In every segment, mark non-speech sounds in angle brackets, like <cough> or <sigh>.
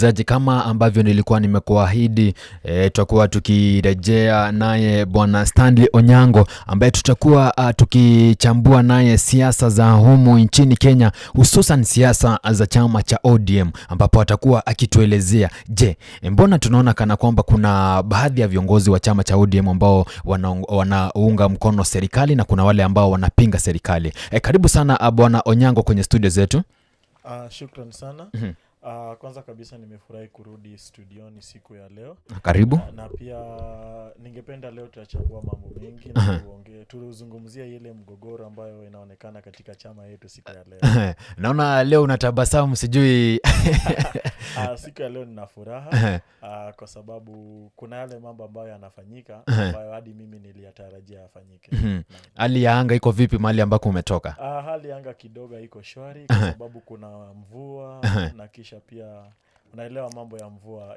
Zaji kama ambavyo nilikuwa nimekuahidi, e, tutakuwa tukirejea naye bwana Stanley Onyango ambaye tutakuwa uh, tukichambua naye siasa za humu nchini Kenya, hususan siasa za chama cha ODM ambapo atakuwa akituelezea, je, mbona tunaona kana kwamba kuna baadhi ya viongozi wa chama cha ODM ambao wanaunga wana mkono serikali na kuna wale ambao wanapinga serikali. E, karibu sana ah, bwana Onyango kwenye studio zetu. Uh, shukran sana. Mm -hmm. Uh, kwanza kabisa nimefurahi kurudi studioni siku ya leo. Karibu. Na, ah, na pia ningependa leo tuachagua mambo mengi na tuongee, tuzungumzie ile mgogoro ambayo inaonekana katika chama yetu siku ya leo. Naona leo unatabasamu sijui. Uh, <laughs> siku ya leo nina furaha uh, kwa sababu kuna yale mambo ambayo yanafanyika ambayo hadi mimi niliyatarajia yafanyike. Mhm. Hali ya anga iko vipi mahali ambako umetoka? Uh, hali ya anga kidogo iko shwari kwa sababu kuna mvua na kisha kuhakikisha pia unaelewa mambo ya mvua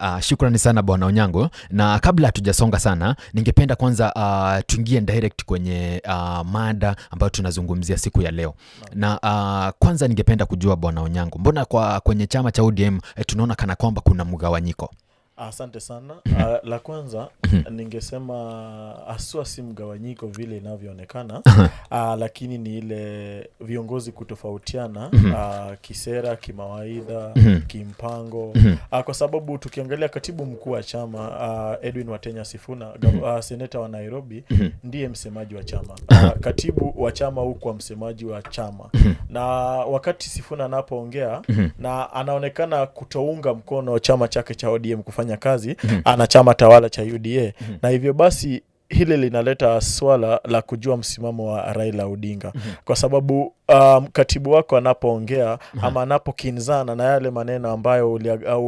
Uh, <laughs> shukrani sana Bwana Onyango, na kabla hatujasonga sana, ningependa kwanza uh, tuingie direct kwenye uh, mada ambayo tunazungumzia siku ya leo na, na uh, kwanza ningependa kujua Bwana Onyango, mbona kwa kwenye chama cha ODM eh, tunaona kana kwamba kuna mgawanyiko? Asante sana. Uh, <clears throat> la kwanza ningesema haswa si mgawanyiko vile inavyoonekana uh, <clears throat> lakini ni ile viongozi kutofautiana uh, <clears throat> kisera, kimawaidha, mm-hmm. kimpango uh, kwa sababu tukiangalia katibu mkuu wa chama uh, Edwin Watenya Sifuna uh, seneta wa Nairobi ndiye msemaji wa chama uh, katibu wa chama hukuwa msemaji wa chama na wakati Sifuna anapoongea na anaonekana kutounga mkono chama chake cha ODM kufanya kufanya kazi, mhm. ana chama tawala cha UDA mhm. na hivyo basi hili linaleta swala la kujua msimamo wa Raila Odinga mm -hmm. kwa sababu um, katibu wako anapoongea mm -hmm. ama anapokinzana na yale maneno ambayo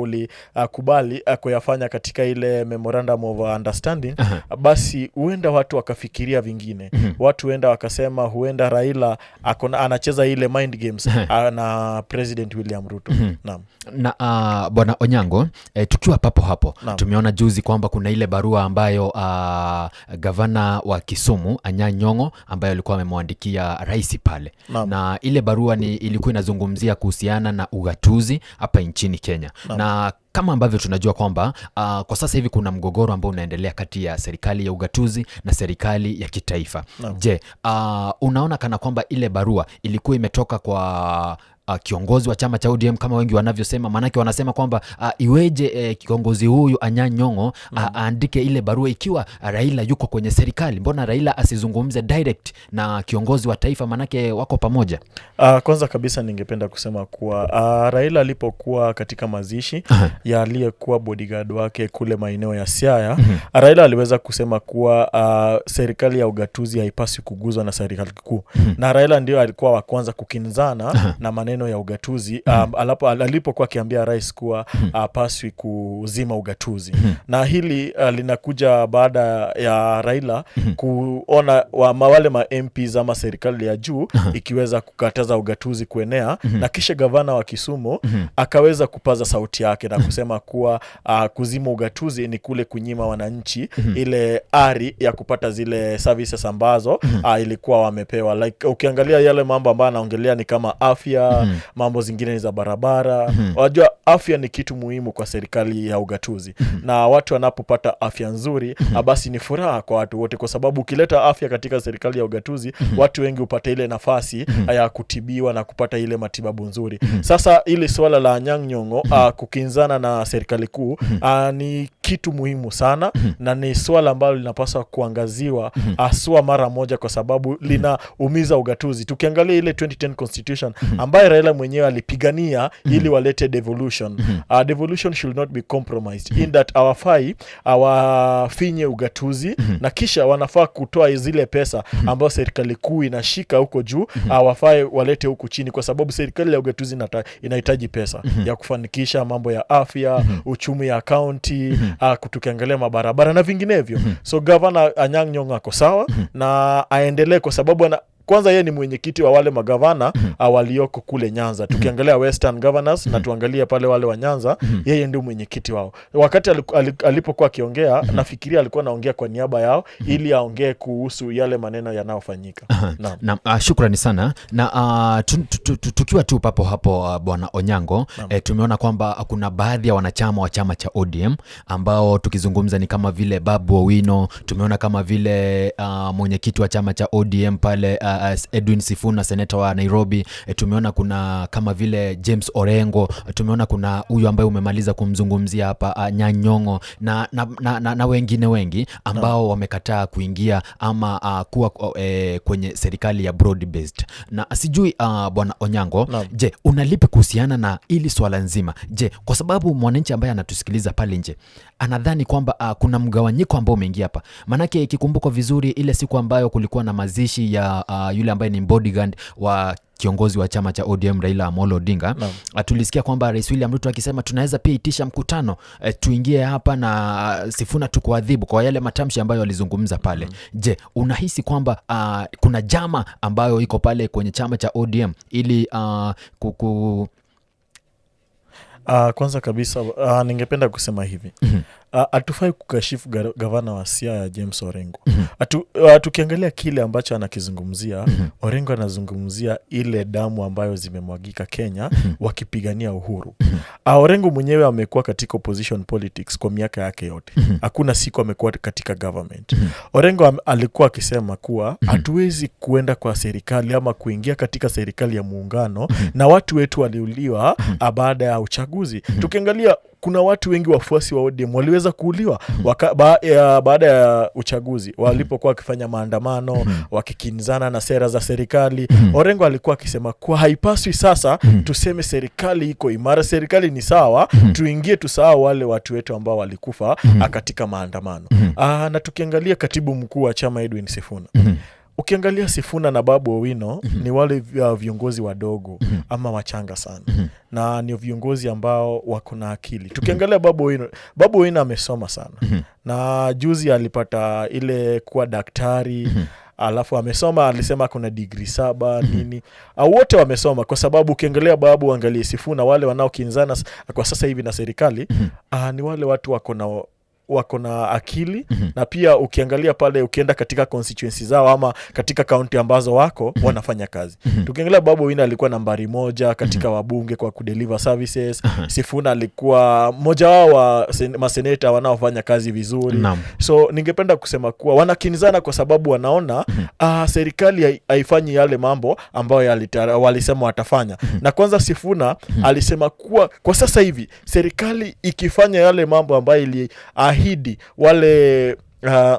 ulikubali uh, uh, kuyafanya katika ile memorandum of understanding mm -hmm. basi huenda watu wakafikiria vingine mm -hmm. watu huenda wakasema, huenda Raila akona, anacheza ile mind games mm -hmm. na President William Ruto mm -hmm. na uh, bwana Onyango eh, tukiwa papo hapo Naam. tumeona juzi kwamba kuna ile barua ambayo uh, gavana wa Kisumu Anya Nyong'o ambaye alikuwa amemwandikia rais pale na, na ile barua ni ilikuwa inazungumzia kuhusiana na ugatuzi hapa nchini Kenya na, na kama ambavyo tunajua kwamba uh, kwa sasa hivi kuna mgogoro ambao unaendelea kati ya serikali ya ugatuzi na serikali ya kitaifa. Je, uh, unaona kana kwamba ile barua ilikuwa imetoka kwa uh, kiongozi wa chama cha ODM kama wengi wanavyosema, maanake wanasema kwamba uh, iweje uh, kiongozi huyu Anyang' Nyong'o ah, mm -hmm. uh, aandike ile barua ikiwa Raila yuko kwenye serikali, mbona Raila asizungumze direct na kiongozi wa taifa, maanake wako pamoja. Uh, kwanza kabisa ningependa kusema kuwa uh, Raila alipokuwa katika mazishi uh -huh. ya aliyekuwa bodyguard wake kule maeneo ya Siaya mm -hmm. Raila aliweza kusema kuwa uh, serikali ya ugatuzi haipaswi kuguzwa na serikali kuu mm -hmm. na Raila ndio alikuwa wa kwanza kukinzana uh -huh. na maneno maneno ya ugatuzi hmm. um, alapo, alipokuwa akiambia rais kuwa hapaswi hmm. uh, kuzima ugatuzi hmm. na hili uh, linakuja baada ya Raila kuona wa, wale ma MPs ama serikali ya juu ikiweza kukataza ugatuzi kuenea na kisha gavana wa Kisumu akaweza kupaza sauti yake na kusema kuwa uh, kuzima ugatuzi ni kule kunyima wananchi ile ari ya kupata zile services ambazo uh, ilikuwa wamepewa like, ukiangalia yale mambo ambayo anaongelea ni kama afya mm. mambo zingine ni za barabara mm -hmm. afya ni kitu muhimu kwa serikali ya ugatuzi mm -hmm. na watu wanapopata afya nzuri mm -hmm. basi ni furaha kwa watu wote, kwa sababu ukileta afya katika serikali ya ugatuzi mm -hmm. watu wengi hupata ile nafasi mm -hmm. ya kutibiwa na kupata ile matibabu nzuri mm -hmm. Sasa ili swala la nyangnyongo mm -hmm. kukinzana na serikali kuu mm -hmm. ni kitu muhimu sana mm -hmm. na ni swala ambalo linapaswa kuangaziwa mm haswa mara moja, kwa sababu mm. linaumiza ugatuzi. Tukiangalia ile 2010 constitution mm. ambaye Raila mwenyewe alipigania mm -hmm. ili walete devolution mm -hmm. uh, devolution should not be compromised mm -hmm. in that awafai awafinye ugatuzi mm -hmm. na kisha wanafaa kutoa zile pesa mhm. ambayo serikali kuu inashika huko juu mm -hmm. Uh, awafai walete huku chini, kwa sababu serikali ya ugatuzi inahitaji pesa mm -hmm. ya kufanikisha mambo ya afya mm -hmm. uchumi ya kaunti mm -hmm. uh, tukiangalia mabarabara na vinginevyo mm -hmm. so gavana Anyang' nyong ako sawa mm -hmm. na aendelee kwa sababu ana kwanza yeye ni mwenyekiti wa wale magavana mm -hmm. walioko kule Nyanza. Mhm. Tukiangalia Western Governors mm -hmm. na tuangalie pale wale wa Nyanza mm -hmm. yeye ndio mwenyekiti wao. Wakati alipokuwa akiongea mm -hmm. nafikiria alikuwa anaongea kwa niaba yao mm -hmm. ili aongee kuhusu yale maneno yanayofanyika. <laughs> Naam. Na, uh, ah, shukrani sana na uh, tukiwa tu papo hapo uh, Bwana Onyango eh, tumeona kwamba kuna baadhi ya wanachama wa chama cha ODM ambao tukizungumza ni kama vile Babu Owino, tumeona kama vile uh, mwenyekiti wa chama cha ODM pale uh, uh, Edwin Sifuna seneta wa Nairobi. E, tumeona kuna kama vile James Orengo, e, tumeona kuna huyu ambaye umemaliza kumzungumzia hapa uh, Nyanyongo na, na, na, na, na wengine wengi ambao wamekataa kuingia ama uh, kuwa uh, e, kwenye serikali ya broad based. Na sijui uh, bwana Onyango no. Je, unalipi kuhusiana na ili swala nzima? Je, kwa sababu mwananchi ambaye anatusikiliza pale nje anadhani kwamba uh, kuna mgawanyiko ambao umeingia hapa, maanake ikikumbukwa vizuri ile siku ambayo kulikuwa na mazishi ya uh, yule ambaye ni bodyguard wa kiongozi wa chama cha ODM Raila Amolo Odinga no. Ah, tulisikia kwamba Rais William Ruto akisema tunaweza pia itisha mkutano e, tuingie hapa na ah, Sifuna tukuadhibu kwa yale matamshi ambayo alizungumza pale mm -hmm. Je, unahisi kwamba uh, kuna jama ambayo iko pale kwenye chama cha ODM ili uh, kuku... uh, kwanza kabisa uh, ningependa kusema hivi mm -hmm hatufai uh, kukashifu gavana wa Siaya James Orengo. mm -hmm. uh, tukiangalia kile ambacho anakizungumzia mm -hmm. Orengo anazungumzia ile damu ambayo zimemwagika Kenya mm -hmm. wakipigania uhuru mm -hmm. uh, Orengo mwenyewe amekuwa katika opposition politics kwa miaka yake yote mhm. hakuna mm -hmm. siku amekuwa katika government mm -hmm. Orengo am, alikuwa akisema kuwa mhm. hatuwezi kuenda kwa serikali ama kuingia katika serikali ya muungano mm -hmm. na watu wetu waliuliwa mm -hmm. baada ya uchaguzi mm -hmm. tukiangalia kuna watu wengi wafuasi wa ODM waliweza kuuliwa mhm. ba, baada ya uchaguzi walipokuwa mhm. wakifanya maandamano mhm. wakikinzana na sera za serikali. Orengo alikuwa akisema kuwa haipaswi sasa tuseme serikali iko imara, serikali ni sawa, tuingie tusahau wale watu wetu ambao walikufa katika maandamano. Aa, ah, na tukiangalia katibu mkuu wa chama Edwin Sifuna Ukiangalia Sifuna na Babu Owino mm -hmm. ni wale viongozi wadogo mm -hmm. ama wachanga sana mm -hmm. na ni viongozi ambao wako na akili. Mhm. Tukiangalia Babu Owino, Babu Owino amesoma sana mm -hmm. na juzi alipata ile kuwa daktari mm -hmm alafu amesoma alisema kuna digri saba mhm. nini wote wamesoma, kwa sababu ukiangalia Babu, angalie Sifuna, wale wanaokinzana kwa sasa hivi na serikali mhm. ah, ni wale watu wako na wako na akili mm -hmm. na pia ukiangalia pale ukienda katika constituency zao ama katika kaunti ambazo wako mm -hmm. wanafanya kazi mm -hmm. tukiangalia Babu wina alikuwa nambari moja katika mm -hmm. wabunge kwa kudeliver services uh mhm. -huh. Sifuna alikuwa mmoja wao wa sen, maseneta wanaofanya kazi vizuri Nam. so ningependa kusema kuwa wanakinzana kwa sababu wanaona mm -hmm. uh, serikali haifanyi yale mambo ambayo walisema watafanya mm -hmm. na kwanza Sifuna mm -hmm. alisema kuwa kwa sasa hivi serikali ikifanya yale mambo ambayo ili uh, waahidi wale uh,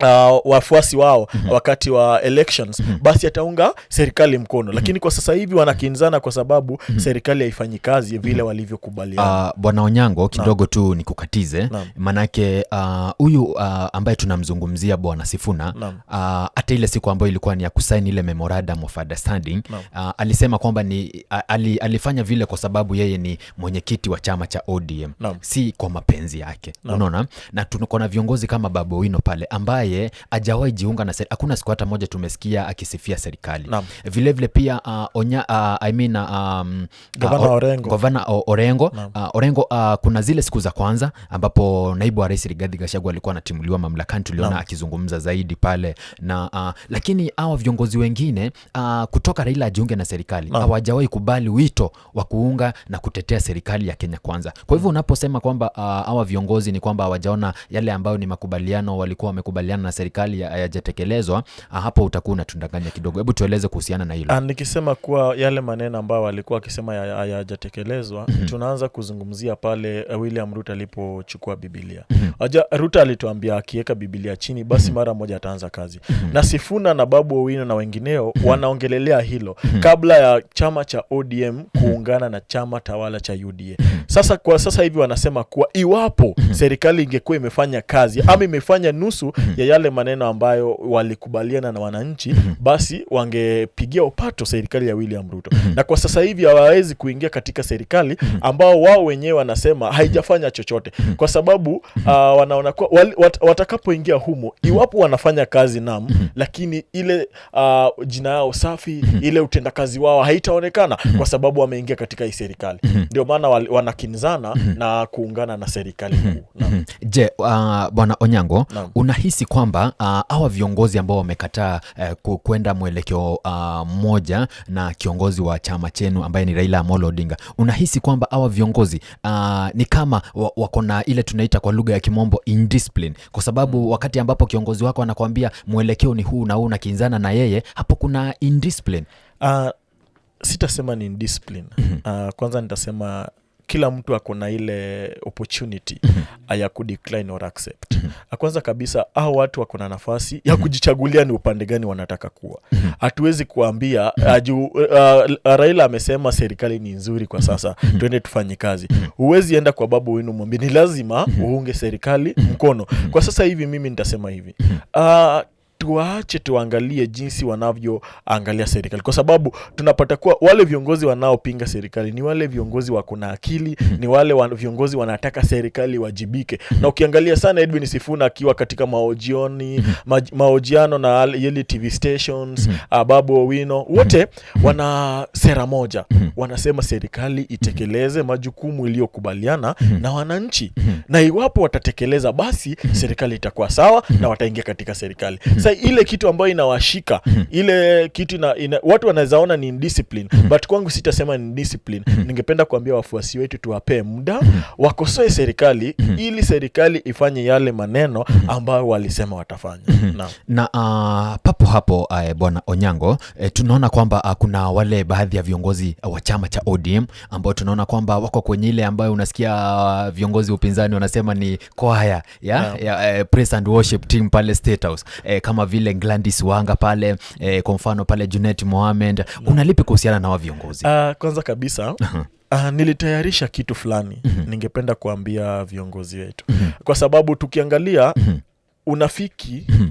Uh, wafuasi wao mm -hmm. wakati wa elections mm -hmm. basi ataunga serikali mkono, mhm. lakini kwa sasa hivi wanakinzana kwa sababu mm -hmm. serikali haifanyi kazi mhm. vile walivyokubaliana. Uh, Bwana Onyango kidogo tu nikukatize, maanake ah, huyu uh, uh, ambaye tunamzungumzia Bwana Sifuna hata uh, ile siku ambayo ilikuwa ni ya kusaini ile memorandum of understanding uh, alisema kwamba ni ali, alifanya vile kwa sababu yeye ni mwenyekiti wa chama cha ODM Naam. si kwa mapenzi yake, unaona, na tuko na viongozi kama Babu pale ambaye ambaye ajawahi jiunga na serikali. Hakuna siku hata moja tumesikia akisifia serikali. Vilevile vile pia uh, onya, uh, I mean, uh, um, uh, gavana uh, Orengo, gavana Orengo, uh, Orengo uh, kuna zile siku za kwanza ambapo naibu wa rais Rigathi Gachagua alikuwa anatimuliwa mamlakani, tuliona akizungumza zaidi pale na uh, lakini hawa viongozi wengine uh, kutoka Raila ajiunge na serikali hawajawahi kubali wito wa kuunga na kutetea serikali ya Kenya Kwanza. Kwa hivyo unaposema kwamba uh, hawa uh, viongozi ni kwamba hawajaona yale ambayo ni makubaliano walikuwa wamekubaliana yanayoshirikiana na serikali hayajatekelezwa, ah, hapo utakuwa unatudanganya kidogo. Hebu tueleze kuhusiana na hilo. Ah, nikisema kuwa yale maneno ambayo walikuwa wakisema hayajatekelezwa, mm -hmm. tunaanza kuzungumzia pale eh, William Ruto alipochukua Bibilia. mm -hmm. Ruto alituambia akiweka Bibilia chini basi mm -hmm. mara moja ataanza kazi mm -hmm. na Sifuna na Babu Owino na wengineo mm -hmm. wanaongelelea hilo mm -hmm. kabla ya chama cha ODM kuungana na chama tawala cha UDA. Mhm. Sasa kwa sasa hivi wanasema kuwa iwapo mm -hmm. serikali ingekuwa imefanya kazi ama imefanya nusu mhm. ya yale maneno ambayo walikubaliana na wananchi, mhm. basi wangepigia upato serikali ya William Ruto. Mhm. Na kwa sasa hivi hawawezi kuingia katika serikali mhm. ambao wao wenyewe wanasema haijafanya chochote, kwa sababu uh, wanaona wat, watakapoingia humo, iwapo wanafanya kazi nam, lakini ile uh, jina yao safi, ile utendakazi wao haitaonekana kwa sababu wameingia katika hii serikali. Ndio maana wanakinzana na kuungana na serikali kuu. Je, uh, bwana Onyango, unahisi kwamba ah, hawa viongozi ambao wamekataa eh, kwenda mwelekeo ah, mmoja na kiongozi wa chama chenu ambaye ni Raila Amolo Odinga, unahisi kwamba hawa viongozi ah, ni kama wako na ile tunaita kwa lugha ya kimombo indiscipline, kwa sababu mm. wakati ambapo kiongozi wako anakuambia mwelekeo ni huu na huu na kinzana na yeye, hapo kuna indiscipline. Uh, sitasema ni indiscipline. Mm -hmm. Uh, kwanza nitasema kila mtu ako na ile opportunity mm -hmm. ya kudecline or accept mm -hmm. Kwanza kabisa hao watu wako na nafasi ya mhm. kujichagulia ni upande gani wanataka kuwa. Mhm. Hatuwezi kuambia aju, ah, uh, ah, Raila amesema serikali ni nzuri kwa mhm. sasa, twende tufanye kazi. Huwezi enda kwa babu wenu mwambie ni lazima uunge serikali mkono kwa sasa hivi. Mimi nitasema hivi uh, tuwaache tuangalie jinsi wanavyoangalia serikali, kwa sababu tunapata kuwa wale viongozi wanaopinga serikali ni wale viongozi wako na akili, ni wale wa viongozi wanataka serikali wajibike. Na ukiangalia sana Edwin Sifuna akiwa katika maojioni ma, maojiano na yeli TV stations, hmm. Babu Owino, wote hmm. wana sera moja, hmm. wanasema serikali itekeleze majukumu iliyokubaliana na wananchi, na iwapo watatekeleza, basi serikali itakuwa sawa na wataingia katika serikali. Sasa ile kitu ambayo inawashika mm -hmm. ile kitu ina, ina, watu wanawezaona ni discipline mm -hmm. but kwangu sitasema ni discipline mm -hmm. ningependa kuambia wafuasi wetu tuwapee muda mm -hmm. wakosoe serikali mm -hmm. ili serikali ifanye yale maneno mhm. ambayo walisema watafanya mm -hmm. na, na uh, papo hapo uh, bwana Onyango uh, tunaona kwamba uh, kuna wale baadhi ya viongozi uh, wa chama cha ODM ambao tunaona kwamba wako kwenye ile ambayo unasikia uh, viongozi wa upinzani wanasema ni kwaya ya, yeah? ya, uh, eh, press and worship team pale State House uh, kama kama vile Gladys Wanga pale eh, kwa mfano pale Junet Mohamed no. Unalipi kuhusiana na wa viongozi? Uh, kwanza kabisa Uh, nilitayarisha kitu fulani mm -hmm. Ningependa kuambia viongozi wetu mm -hmm. Kwa sababu tukiangalia mm -hmm. unafiki mm -hmm.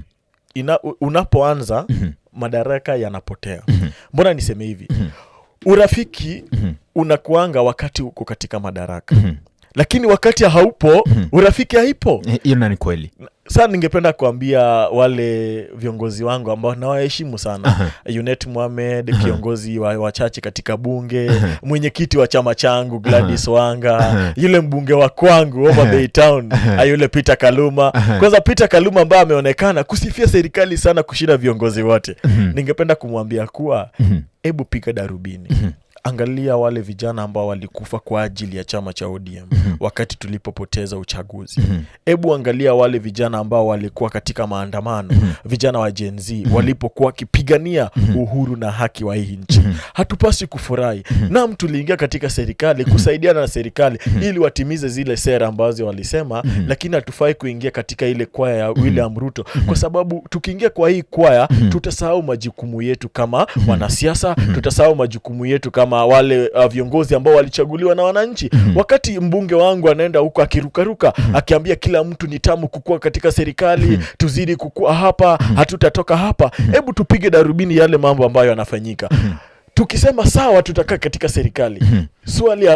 ina, unapoanza mm -hmm. madaraka yanapotea mm -hmm. Mbona niseme hivi mm -hmm. urafiki mm -hmm. unakuanga wakati uko katika madaraka mm -hmm. Lakini wakati haupo mm -hmm. urafiki haipo. Eh, hiyo ni kweli saa ningependa kuambia wale viongozi wangu ambao nawaheshimu sana uh -huh. Unet Mohamed uh -huh. kiongozi wa wachache katika bunge uh -huh. mwenyekiti wa chama changu Gladys uh -huh. Wanga uh -huh. yule mbunge wa kwangu Homa Town uh -huh. yule Peter Kaluma uh -huh. Kwanza Peter Kaluma ambaye ameonekana kusifia serikali sana kushinda viongozi wote uh mhm. -huh. ningependa kumwambia kuwa mhm. hebu uh -huh. piga darubini uh mhm. -huh angalia wale vijana ambao walikufa kwa ajili ya chama cha ODM mm -hmm. wakati tulipopoteza uchaguzi hebu mhm. mm -hmm. angalia wale vijana ambao walikuwa katika maandamano mm -hmm. vijana wa jenz mm -hmm. walipokuwa wakipigania mm -hmm. uhuru na haki wa hii nchi mm -hmm. hatupasi kufurahi mm -hmm. nam tuliingia katika serikali kusaidiana na serikali mm -hmm. ili watimize zile sera ambazo walisema mm -hmm. lakini hatufai kuingia katika ile kwaya ya mhm. William Ruto mm -hmm. kwa sababu tukiingia kwa hii kwaya mm -hmm. tutasahau majukumu yetu kama mhm. wanasiasa mm -hmm. tutasahau majukumu yetu kama ama wale uh, viongozi ambao walichaguliwa na wananchi mm -hmm. Wakati mbunge wangu anaenda huko akirukaruka mm -hmm. akiambia kila mtu ni tamu kukua katika serikali mm -hmm. tuzidi kukua hapa mm -hmm. hatutatoka hapa mm hebu -hmm. tupige darubini yale mambo ambayo yanafanyika mm -hmm. Tukisema sawa, tutakaa katika serikali mm -hmm. Swali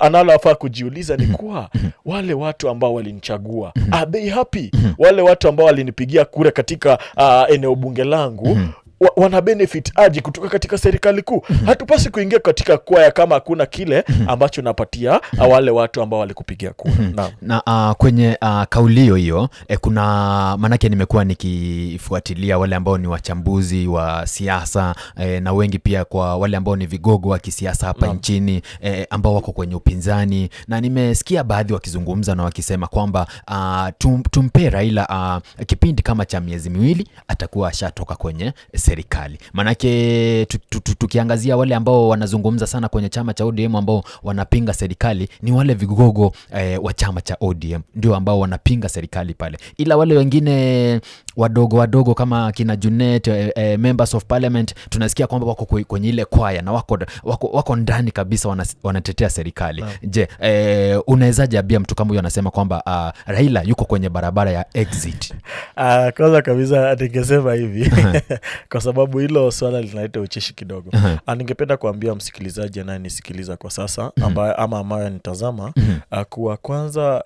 analofaa kujiuliza ni mhm. kuwa mhm. wale watu ambao walinichagua, mhm. are they happy? Wale watu ambao walinipigia kura katika uh, eneo bunge langu mm -hmm wana benefit aji kutoka katika serikali kuu. Mhm. Hatupasi kuingia katika kwaya kama hakuna kile mhm. ambacho napatia mhm. ah, wale watu ambao walikupigia kura na, na uh, kwenye uh, kaulio hiyo eh, kuna maanake, nimekuwa nikifuatilia wale ambao ni wachambuzi wa siasa eh, na wengi pia kwa wale ambao ni vigogo wa kisiasa hapa na nchini eh, ambao wako kwenye upinzani na nimesikia baadhi wakizungumza na wakisema kwamba uh, tum, tumpe Raila uh, kipindi kama cha miezi miwili atakuwa ashatoka kwenye eh, serikali. Maanake tukiangazia wale ambao wanazungumza sana kwenye chama cha ODM ambao wanapinga serikali ni wale vigogo eh, wa chama cha ODM ndio ambao wanapinga serikali pale, ila wale wengine wadogo wadogo kama kina Junet, eh, eh, members of parliament tunasikia kwamba wako kwenye ile kwaya na wako, wako, wako ndani kabisa wanatetea serikali yeah. Je, eh, unawezaje abia mtu kama huyo anasema kwamba uh, Raila yuko kwenye barabara ya exit? Uh, <laughs> kwanza kabisa ningesema hivi uh-huh. <laughs> kwa sababu hilo swala linaleta ucheshi kidogo uh-huh. Ah, ningependa kuambia msikilizaji anayenisikiliza kwa sasa mm-hmm. ambaye, ama ambayo anitazama uh-huh. uh, kuwa kwanza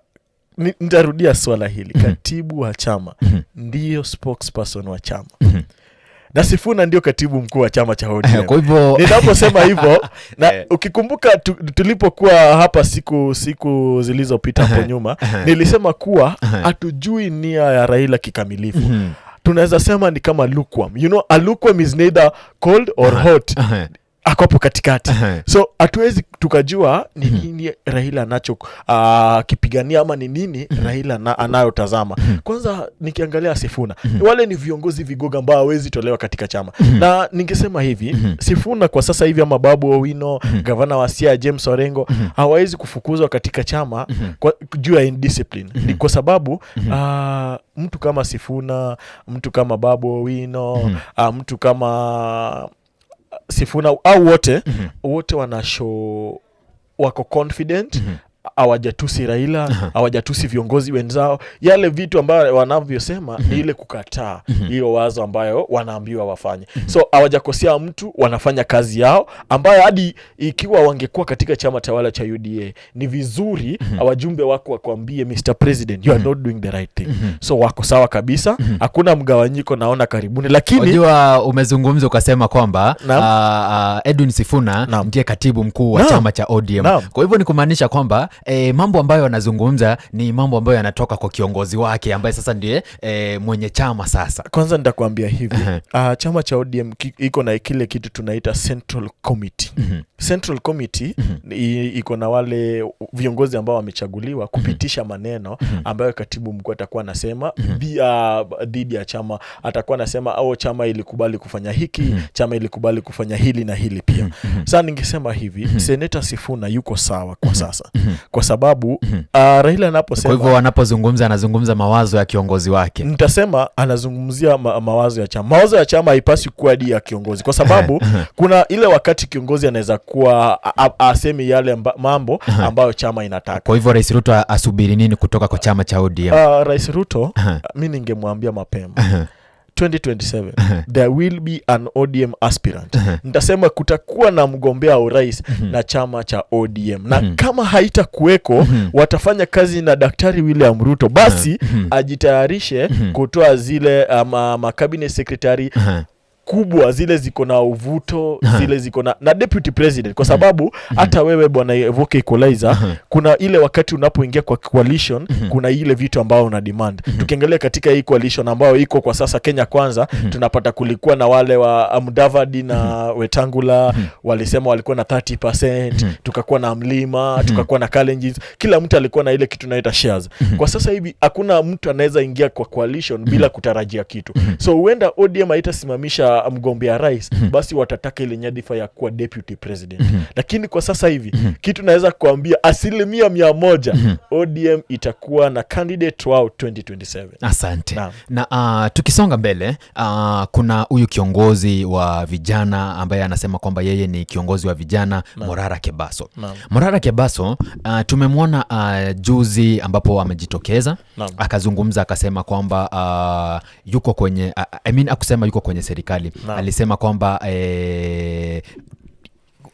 nitarudia swala hili mhm. Katibu wa chama mhm. ndiyo spokesperson wa chama mhm. na Sifuna ndio katibu mkuu wa chama cha ODM. Kwa hivyo ninaposema hivyo <laughs> na eh. ukikumbuka tu, tulipokuwa hapa siku siku zilizopita hapo nyuma nilisema kuwa hatujui nia ya Raila kikamilifu mm tunaweza sema ni kama lukewarm. You know, a lukewarm is neither cold or hot akopo katikati uh -huh. So hatuwezi tukajua ni mhm. nini rahila anacho uh, kipigania ama ni nini mhm. na, anayotazama. Mhm. Kwanza nikiangalia Sifuna, wale ni viongozi vigoga ambao awezi tolewa katika chama, na ningesema hivi Sifuna kwa sasa hivi ama Babu Owino, gavana wa sia James Orengo hawawezi kufukuzwa katika chama kwa juu ya indiscipline. Ni kwa sababu uh, mtu kama Sifuna, mtu kama Babu Owino uh, mtu kama Sifuna au wote mm -hmm. wote wanasho wako confident mm -hmm hawajatusi Raila, hawajatusi viongozi wenzao. Yale vitu ambayo wanavyosema ni mhm. ile kukataa mhm. hiyo wazo ambayo wanaambiwa wafanye. So hawajakosea mtu, wanafanya kazi yao ambayo hadi ikiwa wangekuwa katika chama tawala cha UDA ni vizuri mhm. wajumbe wako wakwambie, Mr President, you are not doing the right thing. So wako sawa kabisa, hakuna mgawanyiko naona karibuni. Lakini unajua, umezungumza ukasema kwamba uh, uh, Edwin Sifuna ndiye katibu mkuu wa chama cha ODM. Kwa hivyo ni kumaanisha kwamba e, mambo ambayo anazungumza ni mambo ambayo yanatoka kwa kiongozi wake ambaye sasa ndiye e, mwenye chama sasa. Kwanza nitakuambia hivi uh -huh. uh, chama cha ODM iko na kile kitu tunaita Central Committee. Mhm. Central Committee mhm. iko na wale viongozi ambao wamechaguliwa mhm. kupitisha maneno ambayo katibu mkuu atakuwa anasema ah, dhidi mm ya chama, atakuwa anasema au oh, chama ilikubali kufanya hiki chama ilikubali kufanya hili na hili pia. mm Sasa ningesema hivi Seneta Sifuna yuko sawa kwa sasa kwa sababu mm -hmm. uh, Raila anaposema, kwa hivyo anapozungumza anazungumza mawazo ya kiongozi wake, nitasema anazungumzia ma mawazo ya chama. Mawazo ya chama haipasi kuwa di ya kiongozi, kwa sababu <laughs> mhm. kuna ile wakati kiongozi anaweza kuwa asemi yale amba, mambo mhm. ambayo chama inataka. Kwa hivyo Rais Ruto asubiri nini kutoka kwa chama cha ODM? Uh, ah, Rais Ruto mhm. mi ningemwambia mapema 2027 there will be an ODM aspirant nitasema kutakuwa na mgombea wa urais mhm. na chama cha ODM na mhm. kama haitakuweko mhm. watafanya kazi na Daktari William Ruto, basi ajitayarishe kutoa zile um, makabine sekretari kubwa zile ziko na uvuto ha. Zile ziko na na deputy president, kwa sababu mhm. Mhm. hata wewe bwana evoke equalizer uh-huh. Kuna ile wakati unapoingia kwa coalition ha. Mhm. Kuna ile vitu ambayo una demand. Tukiangalia katika hii coalition ambayo iko kwa sasa Kenya Kwanza ha. Tunapata kulikuwa na wale wa uh, Mudavadi na ha. Wetangula ha. Walisema walikuwa na 30% tukakuwa na Mlima ha. Tukakuwa na challenges kila mtu alikuwa na ile kitu naita shares ha. Kwa sasa hivi hakuna mtu anaweza ingia kwa coalition bila kutarajia kitu, so huenda ODM haitasimamisha mgombea rais mm -hmm. basi watataka ile nyadhifa ya kuwa deputy president mm -hmm. Lakini kwa sasa hivi mm -hmm. kitu naweza kuambia asilimia mia moja mm -hmm. ODM itakuwa na candidate wao 2027. Asante na, na uh, tukisonga mbele uh, kuna huyu kiongozi wa vijana ambaye anasema kwamba yeye ni kiongozi wa vijana na. Morara Kebaso na. Morara Kebaso uh, tumemwona uh, juzi ambapo amejitokeza akazungumza akasema kwamba uh, yuko kwenye uh, I mean, akusema yuko kwenye serikali serikali na. Alisema kwamba eh,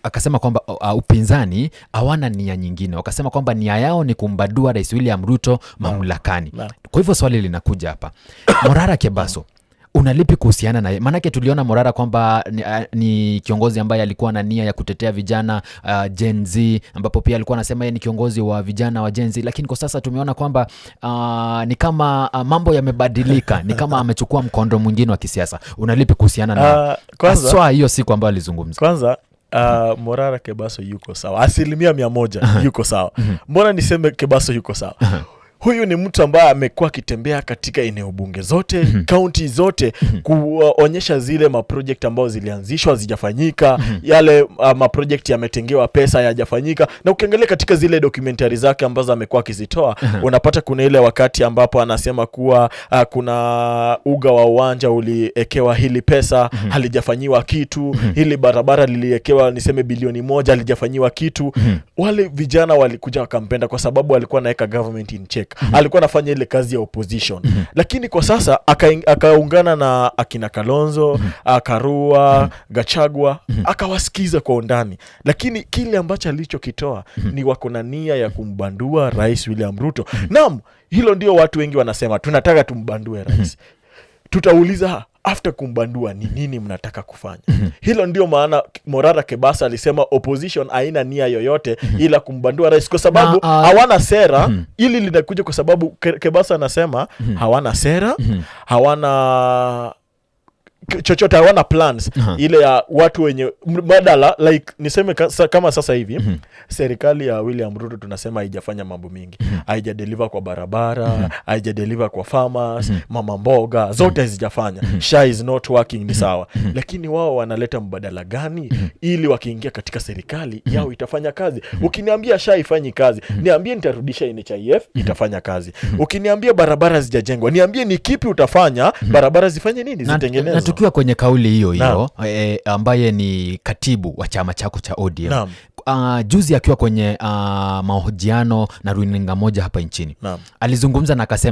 akasema kwamba uh, uh, upinzani hawana nia nyingine, wakasema kwamba nia yao ni kumbadua Rais William Ruto mamlakani. Kwa hivyo swali linakuja hapa, Morara Kebaso unalipi kuhusiana naye? Maanake tuliona Morara kwamba ni, ni kiongozi ambaye alikuwa na nia ya kutetea vijana uh, Gen Z, ambapo pia alikuwa anasema yeye ni kiongozi wa vijana wa Gen Z, lakini kwa sasa tumeona kwamba uh, ni kama uh, mambo yamebadilika, ni kama amechukua mkondo mwingine wa kisiasa. Unalipi kuhusiana naye haswa hiyo siku ambayo alizungumza? Kwanza Uh, Morara Kebaso yuko sawa asilimia mia moja <laughs> yuko sawa. Mhm. Mbona niseme Kebaso yuko sawa? Mhm. Huyu ni mtu ambaye amekuwa akitembea katika eneo bunge zote kaunti mhm. zote mhm. kuonyesha zile maprojekt ambayo zilianzishwa zijafanyika mhm. yale uh, ah, maprojekt yametengewa pesa yajafanyika Na ukiangalia katika zile dokumentari zake ambazo amekuwa akizitoa unapata kuna ile wakati ambapo anasema kuwa uh, kuna uga wa uwanja uliekewa hili pesa halijafanyiwa kitu, hili barabara liliekewa niseme bilioni moja halijafanyiwa kitu. Wale vijana walikuja wakampenda kwa sababu alikuwa anaweka government in check mm -hmm. alikuwa anafanya ile kazi ya opposition mm -hmm. lakini kwa sasa akaungana na akina Kalonzo mm -hmm. akarua mm -hmm. gachagwa mm -hmm. akawasikiza kwa undani, lakini kile ambacho alichokitoa mm -hmm. ni wako na nia ya kumbandua Rais William Ruto mm -hmm. nam hilo ndio watu wengi wanasema tunataka tumbandue rais mm -hmm. tutauliza after kumbandua ni nini mnataka kufanya? mm -hmm. Hilo ndio maana Morara Kebasa alisema opposition haina nia yoyote mm -hmm. ila kumbandua rais kwa sababu uh, hawana sera mm -hmm. ili linakuja kwa sababu Kebasa anasema mm -hmm. hawana sera mm -hmm. hawana chochote, hawana plans uh -huh. ile ya watu wenye badala like niseme kama sasa hivi mm -hmm. serikali ya William Ruto tunasema haijafanya mambo mingi mm haijadeliva -hmm. kwa barabara mhm. haijadeliva mm -hmm. kwa farmers mm -hmm. mama mboga mhm. zote hazijafanya mm -hmm. is not working ni mhm. sawa mm -hmm. lakini wao wanaleta mbadala gani mm -hmm. ili wakiingia katika serikali mm -hmm. yao itafanya kazi mm -hmm. ukiniambia SHA ifanyi kazi mm -hmm. niambie nitarudisha NHIF itafanya kazi mm -hmm. ukiniambia barabara zijajengwa niambie ni kipi utafanya mm -hmm. barabara zifanye nini zitengenezwe tukiwa kwenye kauli hiyo hiyo e, ambaye ni katibu wa chama chako cha ODM uh, ah, juzi akiwa kwenye uh, mahojiano na runinga moja hapa nchini Naam. alizungumza na akasema